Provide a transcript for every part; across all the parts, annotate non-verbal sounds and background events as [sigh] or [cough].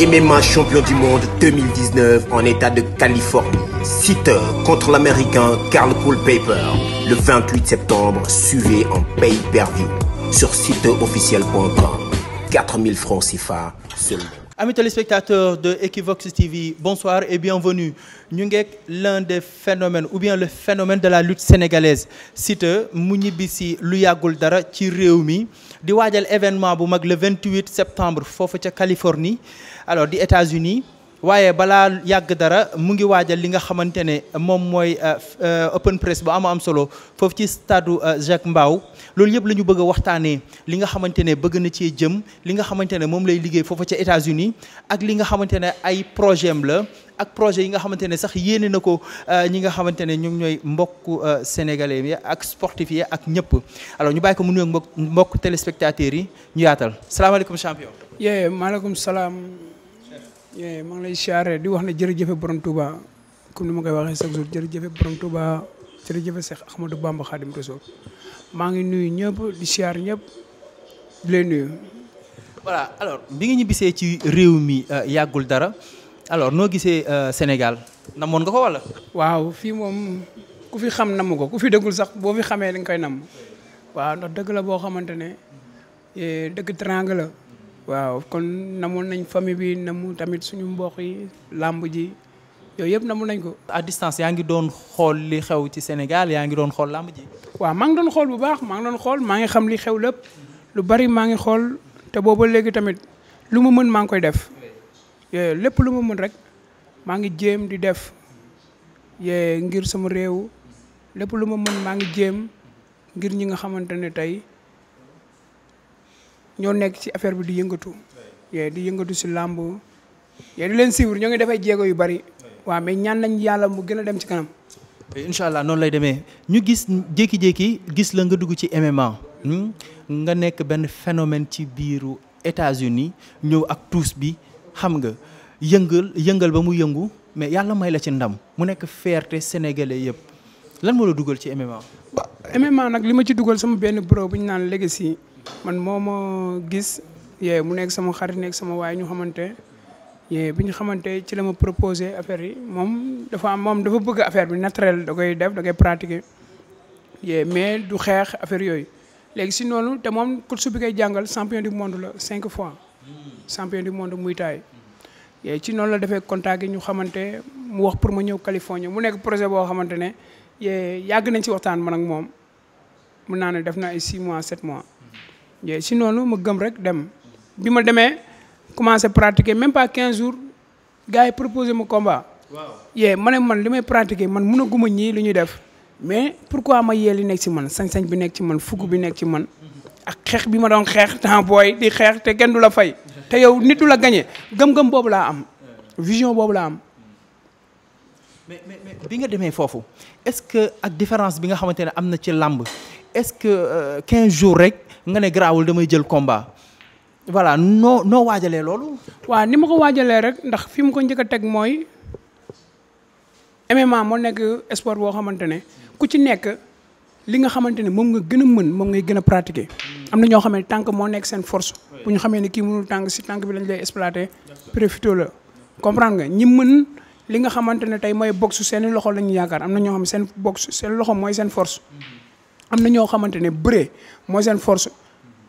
MMA champion du monde 2019 en état contre l'Américain Carl Culpepper le 28 septembre. Suivez en pay per de Equivox TV, bonsoir et bienvenue. ñu ngeeg l'un des phénomènes ou bien le phénomène de la lutte sénégalaise Siteu mu ñibbi si lu yàggul dara ci réew mi di waajal événement bu mag le 28 septembre foofu ca Californie. alors di États-Unis waaye balaa yàgg dara mu ngi waajal li nga xamante ne moom mooy euh, euh, open press bu am am solo foofu ci stade euh, Jacques Mbao loolu yëpp la ñu bëgg a waxtaanee li nga xamante ne bëgg na cee jëm li nga xamante ne moom lay liggéey foofu ci États-Unis ak li nga xamante ne ay projet am la ak yi nga xamante ne sax yéene na ko ñi nga xamante ne ñoom ñooy mbokku sénégalais yi ak sportif yi ak ñëpp alors ñu bàyyi ko mu nuyoog mbokk mbokk yi ñu yaatal salaamaaleykum champion. salaam. maa ngi lay siyaare di wax ne jërëjëfe borom Touba comme ni ma koy waxee chaque jour jërëjëfe borom Touba jërëjëfe Cheikh Ahmadou Bamba Khadim Rassoul maa ngi nuyu ñëpp di siyaar ñëpp di lay nuyu. voilà alors bi nga ñibbisee ci réew mi euh, yàggul dara alors noo gisee euh, Sénégal namoon nga ko wala. waaw fii moom ku fi xam namu ko ku fi dëggul sax boo fi xamee li nga koy nam waaw ndax dëgg la boo xamante ne eh, dëgg triangle la. waaw kon namoon nañ famille bi namu tamit suñu mbokk yi làmb ji yooyu yëpp namu nañ ko. à distance yaa ngi doon xool li xew ci Sénégal yaa ngi doon xool làmb ji. waaw maa ngi doon xool bu baax maa ngi doon xool maa ngi xam li xew lépp lu bari maa ngi xool te booba léegi tamit lu ma mën maa ngi koy def lépp lu ma mën rek maa ngi jéem di def yee ngir sama réew lépp lu ma mën maa ngi jéem ngir ñi nga xamante ne tey. ñoo nekk ci affaire bi di yëngatu. di yëngatu si làmb. yéen di leen suivre ñoo ngi def ay yu bari. waa mais ñaan nañ yàlla mu gën a dem ci kanam. incha allah noonu lay demee ñu gis jékki-jékki gis la nga dugg ci MMA. nga nekk benn phénomène ci biiru États-Unis ñëw ak tuus bi xam nga yëngal yëngal ba mu yëngu mais yàlla may la ci ndam mu nekk fierté sénégalais yëpp lan moo la dugal ci MMA. MMA nag li ci dugal sama benn bro ñu naan legacy man moom ma gis yee mu nekk sama xarit nekk sama waay ñu xamante yee bi ñu xamante ci la ma proposé affaire yi moom dafa am moom dafa bëgg affaire bi naturel da koy def da koy pratiquer yee mais du xeex affaire yooyu léegi si noonu te moom course bi koy jàngal champion du monde la cinq fois champion du monde muy taay yee ci noonu la defee contact yi ñu xamante mu wax pour ma ñëw Californie mu nekk projet boo xamante ne yee yàgg nañ ci waxtaan man ak moom mun naa ne def na ay six mois sept mois si noonu ma gëm rek dem bi ma demee commencé pratiquer même pas quinze jours gars yi proposé mu combat. waaw yee ma ne man li may pratiquer man mënaguma ñii lu ñuy def. mais pourquoi ma yee li nekk ci man sañ-sañ bi nekk ci man fukk bi nekk ci man ak xeex bi ma doon xeex [laughs] temps booy di xeex te kenn du la fay. te yow nit du la gañee gëm-gëm boobu laa am. vision boobu laa am. mais mais bi nga demee foofu est-ce que ak différence bi nga xamante ne am na ci làmb est-ce que 15 euh, jours rek. nga ne garaawul damay jël combat voilà noo noo waajalee loolu. waa ni ma ko waajalee rek ndax fi mu ko njëkk a teg mooy MMA moo nekk sport boo xamante ne ku ci nekk li nga xamante ne moom nga gën a mën moom ngay gën a pratiquer. am na ñoo xam ne tànk moo nekk seen force. bu ñu xamee ne kii mënul tànk si tànk bi lañ lay exploité. profité la comprendre nga ñi mën. li nga xamante ne tey mooy boxe seen loxo la ñu yaakaar am na ñoo xam seen boxe seen loxo mooy seen force am na ñoo xamante ne bëre mooy seen force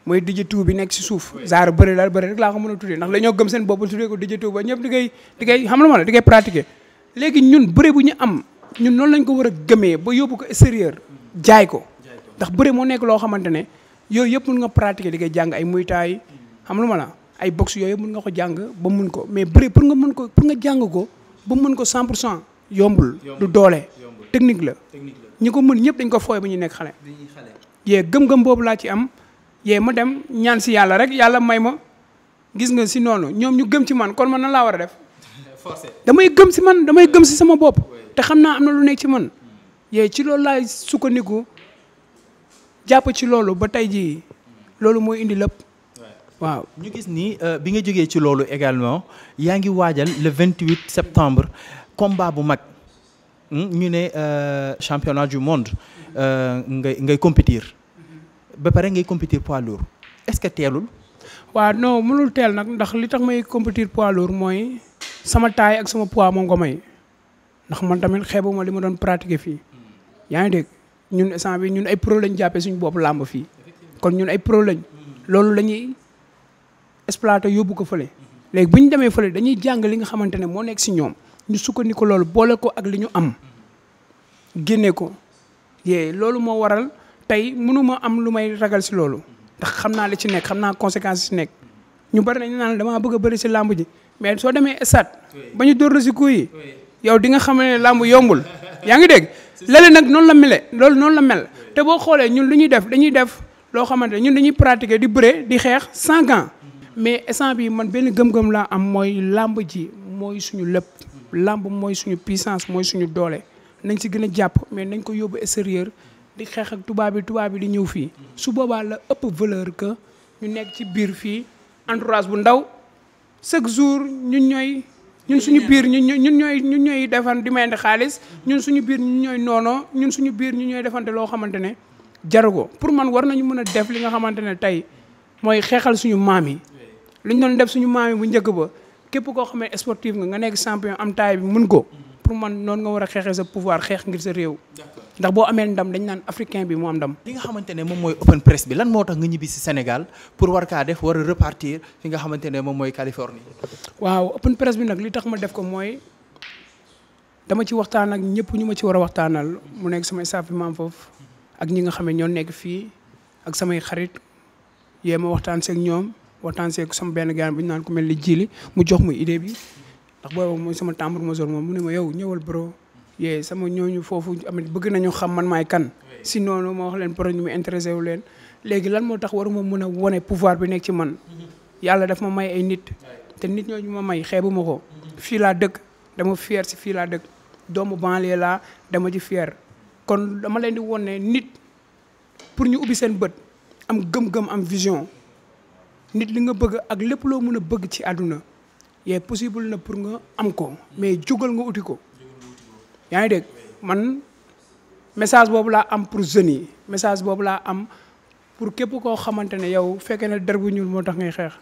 mooy dijjatu bi nekk si suuf genre bëre daal bëre rek laa ko mën a tuddee ndax lañoo gëm seen bopp tuddee ko dijjatu ba ñëpp di koy di koy xam la ma la di koy léegi ñun bëre ñu am ñun noonu lañ ko war a gëmee ba yóbbu ko extérieur jaay ko ndax bëre moo nekk loo xamante ne yooyu yëpp mun nga pratiquer di koy jàng ay muay thai la ma la ay boxe yooyu mun nga ko jàng ba mun ko mais bëre pour nga mun ko pour nga jàng ko ba mun ko 100 pour cent yombul du doole technique la ñi ko mën ñëpp dañ ko fooy ba ñu nekk xale yee gëm-gëm boobu laa ci am yee ma dem ñaan si yàlla rek yàlla may ma gis nga si noonu ñoom ñu gëm ci man kon man na laa war a def [laughs] damay gëm si man damay gëm si sama bopp te xam naa am na lu nekk ci man hmm. yee ci loolu laay sukkandiku jàpp ci loolu ba tey jii loolu mooy indi lépp waaw ñu gis ni euh, bi nga jógee ci loolu également yaa ngi waajal le 28 septembre combat bu mag Hmm? ñu ne euh, championnat du monde euh, ngay ngay compétir ba pare ngay compétir poids lourd est-ce que teelul. waaw no mënul teel nag ndax li tax may compétir pois lourd mooy sama taille ak sama poids moom ko may ndax man tamit ma li ma doon pratiquer fii yaa ngi dégg ñun instant bi ñun ay pro lañ jàppee suñu bopp làmb fii kon ñun ay pro loolu la ñuy exploiter yóbbu ko fële léegi bu ñu demee fële dañuy jàng li nga xamante ne moo nekk si ñoom. ñu sukkandiku loolu boole ko ak li ñu am génne ko yee loolu moo waral tey mënuma am lu may ragal si loolu ndax xam naa li ci nekk xam naa conséquence ci nekk ñu bari nañu naan damaa bëgg a bëri si làmb ji mais soo demee stade ba ñu dóor si coup yow di nga xam ne làmb yombul yaa ngi dégg [laughs] léeg nag noonu la mele loolu noonu la mel te boo xoolee ñun lu ñuy def dañuy def loo xamante ñun dañuy pratiquer di bëre di xeex sans gants mm-hmm. mais instant bi man benn gëm laa am mooy làmb ji mooy suñu lépp làmb mooy suñu puissance mooy suñu doole nañ si gën a jàpp mais nañ koy yóbbu extérieur di xeex ak tubaab bi tubaab bi di ñëw fii mm-hmm. su boobaa la ëpp valeur que ñu nekk ci biir fii entourage bu ndaw chaque jour ñu ñooy ñun suñu biir ñun ñun ñooy ñun ñooy defan di mayante xaalis mm-hmm. ñun suñu biir ñooy noonoo ñun suñu biir ñun ñooy defante loo xamante ne jaru ko pour man war nañu mën a def li nga xamante ne tey mooy xeexal suñu maam yi luñ doon def suñu maam bu njëkk ba képp koo xamee sportif nga nga nekk champion am taay bi mun ko pour man noonu nga war a xeexee sa pouvoir xeex ngir sa réew ndax boo amee ndam dañ naan africain bi mu am ndam li xamante ne moom mooy open press bi lan moo tax nga ñibbi si Sénégal pour war kaa def war a repartir fi nga xamante ne moom mooy Californie waaw open press bi nag li tax ma def ko mooy dama ci waxtaan ak ñëpp ñu ma ci war a waxtaanal mu nekk samay saafi maam foofu ak ñi nga xam ne ñoo nekk fii ak samay xarit yee ma waxtaan seek ñoom waxtaan seeg sama benn gaan bu ñu naan ku mel ni jiili mu jox mu idée bi ndax booy mooy sama tambour major moom mu ne ma yow ñëwal bro yee sama ñooñu foofu am bëgg nañu xam man maay kan si noonu ma wax leen pro ñu mu intéressé wu leen léegi lan moo tax waruma mën a wone pouvoir bi nekk ci man yàlla dafa ma may ay nit te nit ñooñu ma may xeebu ma ko fii laa dëkk dama fier si fii laa dëkk doomu banlieue laa dama ci fier kon dama leen di wone nit pour ñu ubbi seen bët am gëm-gëm am vision nit li nga bëgg ak lépp loo mën a bëgg ci àdduna yee possible na pour nga am ko mais jugal nga uti ko yaa ngi dégg man message boobu laa am pour jeunes yi message boobu laa am pour képp koo xamante ne yow fekkee ne der bu ñuul moo tax ngay xeex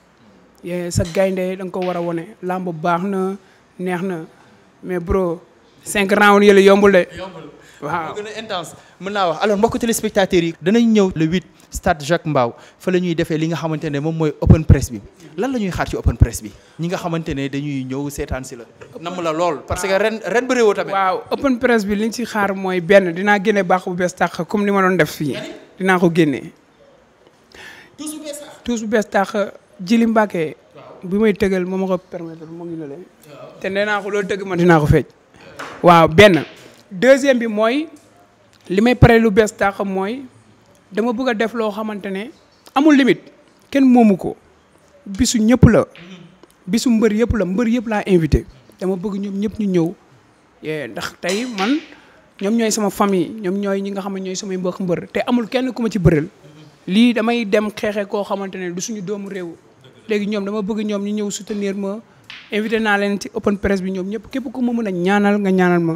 yee sa gaynde da nga ko war a wone làmb baax na neex na mais bro cinq rounds yële yombul de waaw gën a mën naa wax alors mbokk téléspectateurs yi danañ ñëw le 8 stade Jacques Mbao fa la ñuy defee li nga xamante ne moom mooy open press bi lan la ñuy xaar ci open press bi ñi nga xamante ne dañuy ñëw seetaan si la namm la lool parce que ren ren bëri woo tamit waaw open press bi liñ si xaar mooy benn dinaa génne baax bu bees tàq comme ni ma doon def fii dina ko génnee tous bu bees tàq jili mbàkkee bi may tëgal moom ma ko permettre moom ngi lale te nee naa ko lool tëgg ma dinaa ko feej waaw benn deuxième bi mooy li may pare lu bees taaxam mooy dama bugg a def loo xamante ne amul limite kenn moomu ko bisu ñëpp la bisu mbër yëpp la mbër yëpp laa invité dama bëgg ñoom ñëpp ñu ñëw ndax tey man ñoom ñooy sama famille ñoom ñooy ñi nga xam ne ñooy samay mbokk mbër te amul kenn ku ma ci bëreel lii damay dem xeexee koo xamante ne du suñu doomu réew léegi ñoom dama bëgg ñoom ñu ñëw soutenir ma invité naa leen ci open press bi ñoom ñëpp képp ku ma mën a ñaanal nga ñaanal ma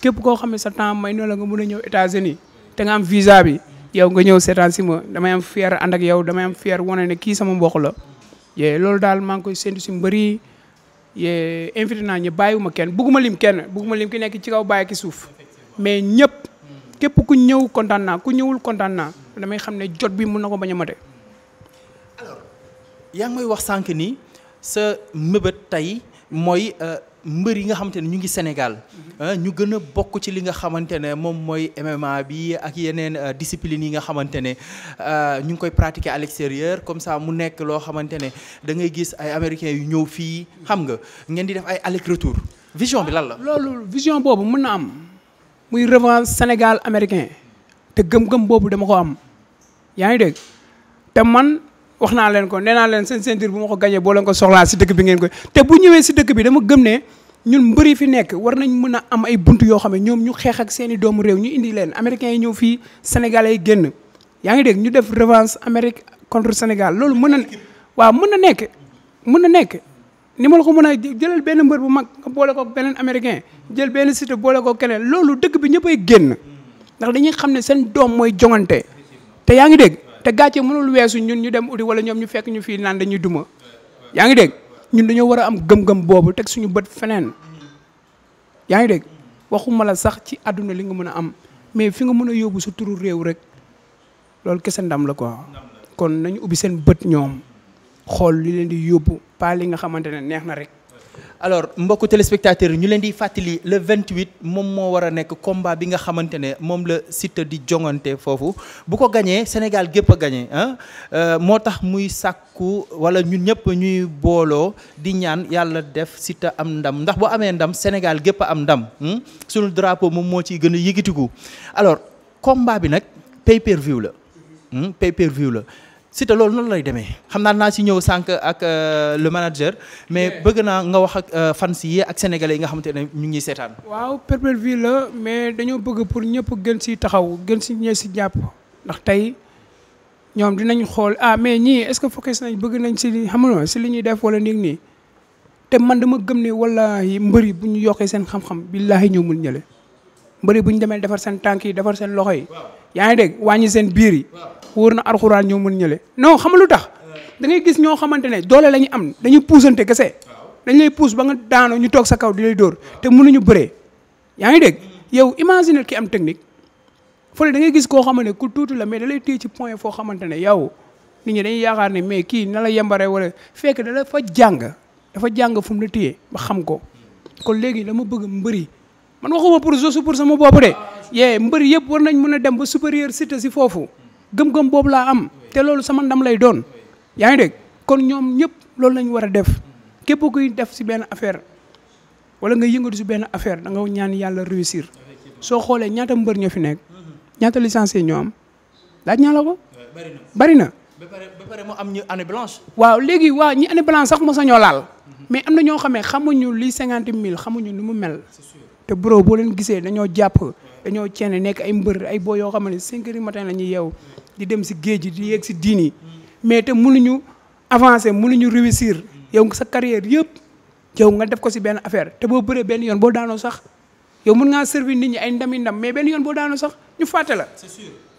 képp koo xam ne sa temps may noonu la nga mën a ñëw États-Unis te nga am visa bi yow nga ñëw seetaan si ma damay am fier ànd ak yow damay am fier wane ne kii sama mbokk la. yee loolu daal maa ngi koy séntu si mbëri yee invité ñi ñu bàyyiwuma kenn bugguma lim kenn bugguma lim ki nekk ci kaw bàyyi ki suuf mais ñëpp. képp ku ñëw kontaan naa ku ñëwul kontaan naa damay xam ne jot bi mun na ko bañ a mate. alors yaa ngi may wax sànq ni sa mëbët tey mooy euh, mbër yi nga xamante ne ñu ngi Sénégal ah, ñu gën a bokk ci li nga xamante ne moom mooy MMA bi ak yeneen ah, discipline yi nga xamante ne ah, ñu ngi koy pratiquer à l'extérieur comme ça mu nekk loo xamante ne da ngay gis ay américains yu ñëw fii xam nga ngeen di def ay aller retour vision bi lan la. loolu vision boobu mun na am muy revanche Sénégal américain te gëm-gëm boobu dama ko am yaa ngi dégg te man. wax naa leen ko nee naa leen seen ceinture bu ma ko gañee boo leen ko soxlaa si dëkk bi ngeen ko te bu ñëwee si dëkk bi dama gëm ne ñun mbër yi fi nekk war nañ mën a am ay bunt yoo xam ne ñoom ñu xeex ak seen doomu réew ñu indi leen américains yi ñëw fii sénégalais yi génn yaa ngi dégg ñu def revanche Amérique contre Sénégal loolu mën na waaw mën na nekk mën na nekk ni ma la ko mën a jëlal benn mbër bu mag nga boole ko beneen américain jël benn site boole ko keneen loolu dëkk bi ñëppay génn ndax dañuy xam ne seen doom mooy jongante te yaa ngi dégg te gàcce mënul weesu ñun ñu dem uti wala ñoom ñu fekk ñu fii naan dañuy duma yaa ngi dégg ñun dañoo war a am gëm-gëm boobu teg suñu bët feneen yaa ngi dégg waxuma la sax ci àdduna li nga mën a am mais fi nga mën a yóbbu su turu réew rek loolu kese ndam la quoi kon nañu ubbi seen bët ñoom xool li leen di yóbbu paa li nga xamante ne neex na rek alors mbokku téléspectateurs yi ñu leen di fàttali vingt 28 moom moo war nekk combat bi nga xamante ne moom la Siteu di jongante foofu bu ko gañee Sénégal gépp a gañee ah moo tax muy sàkku wala ñun ñëpp ñuy booloo di ñaan yàlla def Siteu am ndam ndax bu amee ndam Sénégal gépp am ndam hmm. sunu drapeau moom moo ciy gën a yëgitiku alors combat bi nag pay per view la hmm. pay per view la. Siteu loolu noonu lay demee xam naa naa si ñëw sànq ak euh, le manager mais bëgg naa nga wax ak euh, fans yi ak sénégalais yi nga xamante ne ñu ngi seetaan. waaw pay-per-view la mais dañoo bëgg pour ñëpp gën si taxaw gën si ñee si jàpp ndax tey ñoom dinañ xool ah mais ñii est-ce que focus nañ bëgg nañ si li xam nga si li ñuy def wala nii nii te man dama gëm ne wallahi mbëri bu ñu yokkee seen xam-xam billaahi ñëw mul ñële mbëri buñ ñu demee defar seen tànk yi defar seen loxo yi. wóor na alxuraan ñoo mën ñële non xam lu tax da ngay gis ñoo xamante ne doole la ñu am dañuy puusante kese dañ lay puus ba nga daanoo ñu toog sa kaw di lay dóor te ñu bëree yaa ngi dégg yow imaginer ki am technique fële da gis koo xamante ne ku tuuti la mais lay téye ci point foo xamante ne yow nit ñi dañuy yaakaar ne mais kii na la yembare wala fekk da la fa jàng dafa jàng fu mu la téye ba xam ko kon léegi dama bëgg mbëri man waxuma pour Zosu pour sama bopp de yee mbëri yëpp war nañ mën a dem ba supérieur cité si foofu gëm-gëm boobu laa am te loolu sama ndam lay doon yaa ngi dégg kon ñoom ñëpp loolu nañu war a def képp kuy def si benn affaire wala nga yëngatu si benn affaire da nga ñaan yàlla réussir soo xoolee ñaata mbër ñoo fi nekk ñaata licencié ñoo am laaj ñaa la ko. bari na ba ba pare mu am ñu année blanche. waaw léegi waa ñi année blanche sax mos a ñoo laal. mais am na ñoo xamee xamuñu li cinquante mille xamuñu nu mu mel. te bro boo leen gisee dañoo jàpp dañoo ceene nekk ay mbër ay boo yoo xam ne cinq heures la ñuy yeew di dem si géej gi di yegg si diini mais te mënuñu avancer mënuñu réussir yow sa carrière yëpp yow nga def ko si benn affaire te boo bëree benn yoon boo daanoo sax yow mun ngaa servi nit ñi ay ndami ndam mais benn yoon boo daanoo sax ñu fàtte la.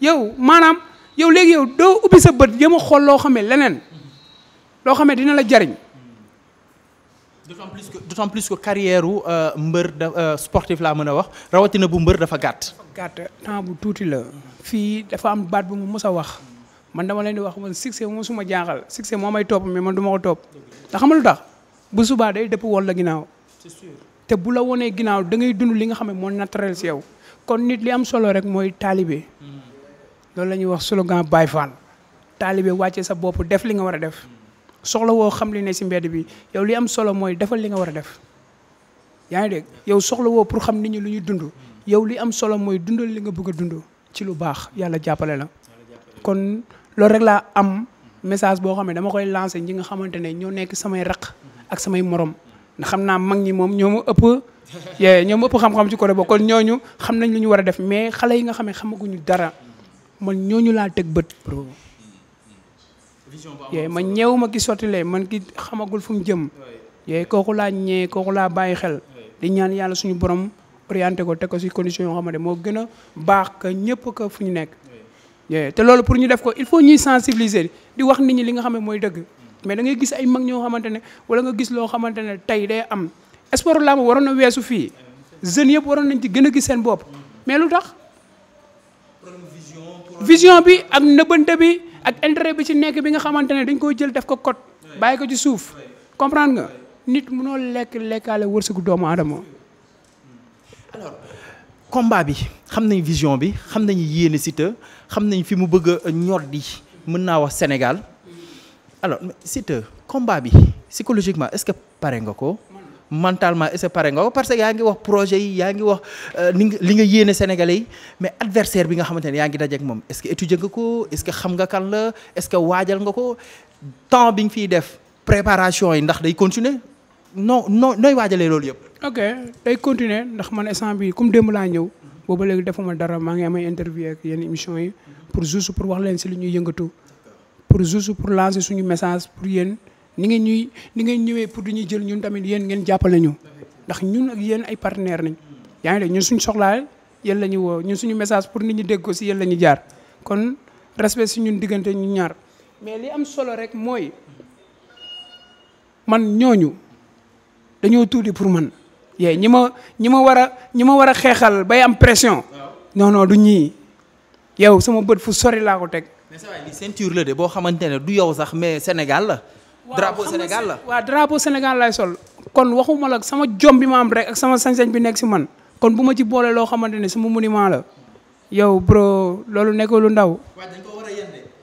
yow maanaam yow léegi yow doo ubbi sa bët yéem xool loo xamee leneen loo xamee dina la jariñ. d'autant plus que d'autant plus que carrière u euh, mbër euh, sportif laa mën a wax rawatina bu mbër dafa gàtt. gàtt temps bu tuuti la fii dafa am baat bu mu mës a wax man dama leen di wax man succès moo suma jaaxal succès moo may topp mais man du ma ko topp te xam lu tax bu subaa day dëpp woon la ginnaaw te bu la wonee ginnaaw dangay dund li nga xam ne moo naturel si yow kon nit li am solo rek mooy taalibe mm-hmm. loolu lañuy ñuy wax slogan Baye Fall taalibe wàcce sa bopp def li nga war a def soxla woo xam li si mbedd bi li am solo mooy defal li nga war a def yaa ngi dégg yow soxla woo pour xam nit ñi lu ñuy dund yow li am solo mooy dundal li nga bëgg a dund ci lu baax yàlla jàppale la kon loolu rek laa am message boo xam ne dama koy lancé ñi nga xamante ne ñoo nekk samay raq ak samay morom ndax xam naa mag ñi moom ñoo ma ëpp ñoo ma ëpp xam-xam ci côté boobu kon ñooñu xam nañ lu ñu war a def mais xale yi nga xam ne xamaguñu dara man ñooñu laa teg bët. yee ma ñeew ma ki sottilee man ki xamagul fu mu jëm yee kooku laa ñee kooku laa bàyyi xel di ñaan yàlla suñu borom orienté ko teg ko si condition yoo xamante moo gën a baax que ñëpp ko fu ñu nekk. te loolu pour ñu def ko il faut ñuy sensibiliser di wax nit ñi li nga xam ne mooy dëgg. mais dangay gis ay mag ñoo xamante ne wala nga gis loo xamante ne tey day am sport làmb waroon a weesu fii jeunes yëpp waroon nañ ci gën a gis seen bopp mais lu tax. vision bi ak nëbbante bi ak intérêt bi ci nekk bi nga xamante ne dañ koy jël def ko code bàyyi ko ci suuf comprend nga nit mënoo lekk lekkaale wërsëgu doomu aadama. alors combat bi xam nañ vision bi xam nañ yéene Siteu xam nañ fi mu bëgg a ñor di mën naa wax Sénégal alors sita combat bi psychologiquement est-ce que pare nga ko. mentalement est-ce pare nga ko parce que yaa ngi wax projet yi yaa ngi wax li euh, nga li nga yéene Sénégalais yi mais adversaire bi nga xamante ne yaa ngi dajeek moom est-ce que étudier nga ko est-ce que xam nga kan la est-ce que waajal nga ko temps bi nga fiy def préparation yi ndax day continuer. non non nooy waajalee loolu yëpp. ok day continuer ndax man instant bi comme démb laa ñëw. booba léegi defuma dara maa ngi am ay interview ak yenn émission yi pour juste pour wax leen si li ñuy yëngatu pour juste pour lancer suñu message pour yéen ni ngeen ñuy ni ngeen ñëwee pour di ñuy jël ñun tamit yéen ngeen jàppale ñu ndax ñun ak yéen ay partenaire nañ yaa ngi dégg ñun suñu soxlaa yéen la ñu woo ñun suñu message pour nit ñi dégg ko si yéen la ñu jaar kon respect si ñun diggante ñu ñaar mais li am solo rek mooy man ñooñu. dañoo tuuti pour man yee ñi ma ñi ma war a ñi ma war a xeexal bay am pression non du ñii yow sama bët fu sori laa ko teg mais sa waay boo xamante ne du yow sax mais Sénégal la drapeau Sénégal la waaw drapeau Sénégal lay sol kon waxuma la sama jom bi ma am rek ak sama sañ bi nekk si man kon bu ma ci boole loo xamante ne sama monument la yow bro loolu nekkul lu ndaw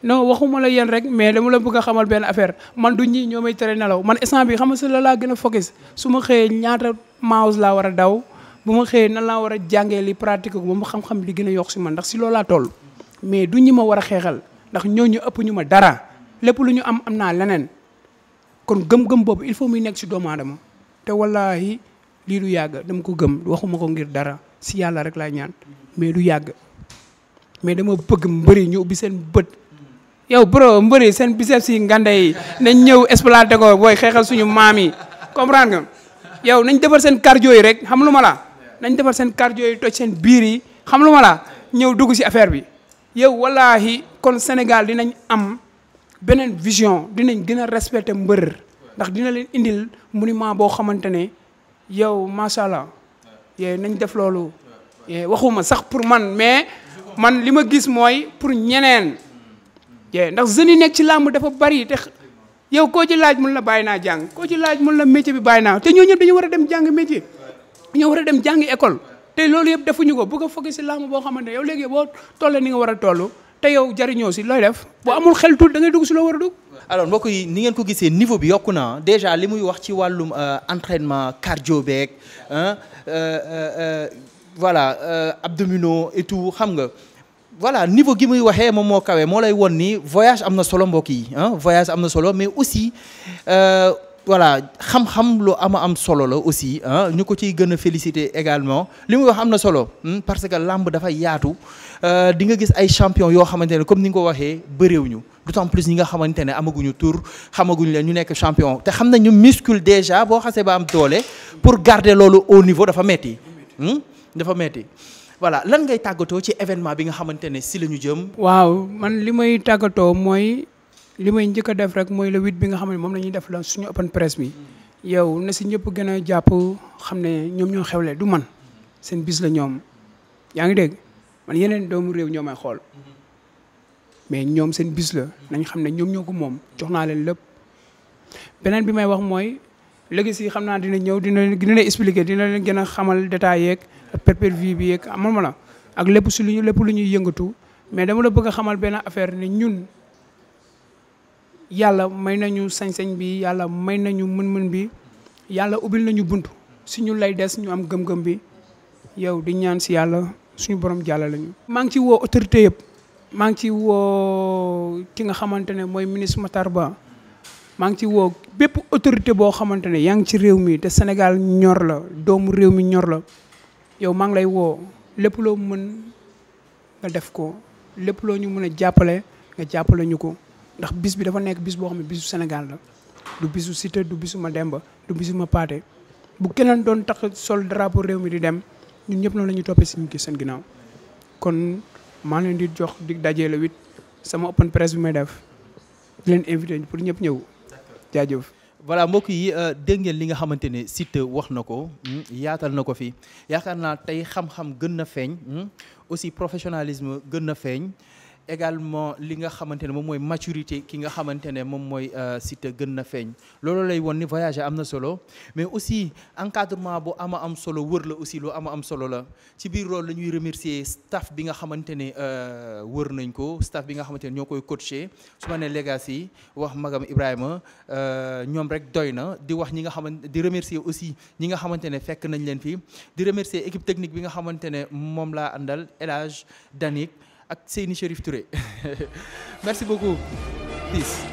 non waxuma la rek mais dama la a xamal benn affaire man du ñii ñoo tere nelaw man instant bi si la gën a focus su ma xëyee ñaata mouse laa war a daw bu ma xëyee nan laa war a jàngee li pratique ko ba ma xam-xam li gën a yokk si man ndax si loolaa toll mais du ñi ma war a xeexal ndax ñooñu ëpp ñu ma dara lépp lu ñu am am naa leneen kon gëm-gëm boobu il faut muy nekk si doomu aadama te wallaahi lii du yàgg dama ko gëm waxuma ko ngir dara si yàlla rek laay ñaan yàgg yow bro mbëri seen biceps yi ngande yi nañ ñëw exploité ko booy xeexal suñu maam yi comprendre nga yow nañ defar seen cardio yi rek xam lu ma la nañ defar seen cardio yi toj seen biir yi xam lu ma ñëw dugg si affaire bi yow wallahi kon Sénégal dinañ am beneen vision dinañ gën a respecté mbër ndax dina leen indil monument boo xamante ne yow macha allah yee nañ def loolu. waxuma sax pour man mais man li ma gis mooy pour ñeneen. jee ndax jeunes yi nekk ci làmb dafa bari te yow koo ci laaj mun la bàyyi naa jàng koo ci laaj mun la métier bi bàyyi naa te ñoo ñëpp dañu war a dem jàng métier dañoo war a dem jàng école te loolu yëpp defuñu ko bu a focus si làmb boo xamante ne yow léegi boo tollee ni nga war a toll te yow jariñoo si looy def boo amul xel tuut dangay dugg si loo war a dugg alors mbokk yi ni ngeen ko gisee niveau bi yokku na déjà li muy wax ci wàllum euh, entraînement cardio beeg euh, euh, voilà abdominaux et tout xam nga voilà niveau gi muy waxee moom moo kawe moo lay won nii voyage am na solo mbokk yi ah voyage am na solo mais aussi euh, voilà xam-xam lu ama am solo la aussi ah ñu ko ciy gën a féliciter également li muy wax am na solo hmm, parce que làmb dafa yaatu euh, di nga gis ay champion yoo xamante ne comme ni nga ko waxee bëréew ñu d'autant plus nga xamante ne amaguñu tour xamaguñu leen ñu nekk champion te xam ñu muscle déjà boo xasee ba am doole pour garder loolu au niveau dafa metti hmm, dafa metti voilà lan ngay tàggatoo ci événement bi nga xamante ne si la ñu jëm. waaw man li may tàggatoo mooy li may njëkk def rek mooy le huit bi nga xam ne moom la ñuy def la suñu open press bi. yow na si ñëpp gën a jàpp xam ne ñoom ñoo xewle du man seen bis la ñoom yaa ngi dégg yeneen doomu réew ñoo may xool mais seen bis la xam ne ñoo ko moom jox naa leen lépp beneen bi may wax mooy léegi si xam naa dina ñëw dina dina leen expliquer dina leen gën a xamal détail yeeg perpervie bi yeeg amal ma la ak lépp su lu ñu lépp lu ñuy yëngatu mais dama la bëgg a xamal benn affaire ne ñun yàlla may nañu sañ-sañ bi yàlla may nañu mën-mën bi yàlla ubbil nañu bunt si ñun lay des ñu am gëm-gëm bi yow di ñaan si yàlla suñu borom jàlla lañu. maa ngi ci woo autorité yëpp maa ngi ci woo ki nga xamante ne mooy ministre Matar Ba maa ngi ci woo bépp autorité boo xamante ne yaa ngi ci réew mi te Sénégal ñor la doomu réew mi ñor la yow maa ngi lay woo lépp loo mën nga def ko lépp loo ñu mën a jàppale nga jàppale ñu ko ndax bis bi dafa nekk bis boo xam ne bisu Sénégal la du bisu Siteu du bisu Mademba du bisu Mapaté bu keneen doon tax sol drapeau réew mi di dem ñun ñëpp noonu la ñuy toppee suñu kii seen ginnaaw kon maa leen di jox di dajee la wit sama open press bi may def di leen invité pour ñëpp ñëw jaajëf. voilà mbokk yi euh, dégg ngeen li nga xamante ne Siteu wax na ko hmm, yaatal na ko fi yaakaar naa tey xam-xam gën na feeñ hmm, aussi professionalisme gën a feeñ. également li nga xamante ne moom mooy maturité ki nga xamante ne moom mooy euh, Siteu gën na feeñ loolu lay woon ni voyager am na solo mais aussi encadrement bu ama am solo wër la aussi loo ama am solo la ci biir rool la ñuy remercier staff bi nga xamante ne euh, wër nañ ko staff bi nga xamante ne ñoo koy coacher su ma nee legacy wax magam Ibrahima euh, ñoom rek doy na di wax ñi nga xamante di remercier aussi ñi nga xamante ne fekk nañ leen fi di remercier équipe technique bi nga xamante ne moom laa àndal El Hadj ak Seyni Chérif Touré [laughs] merci beaucoup peace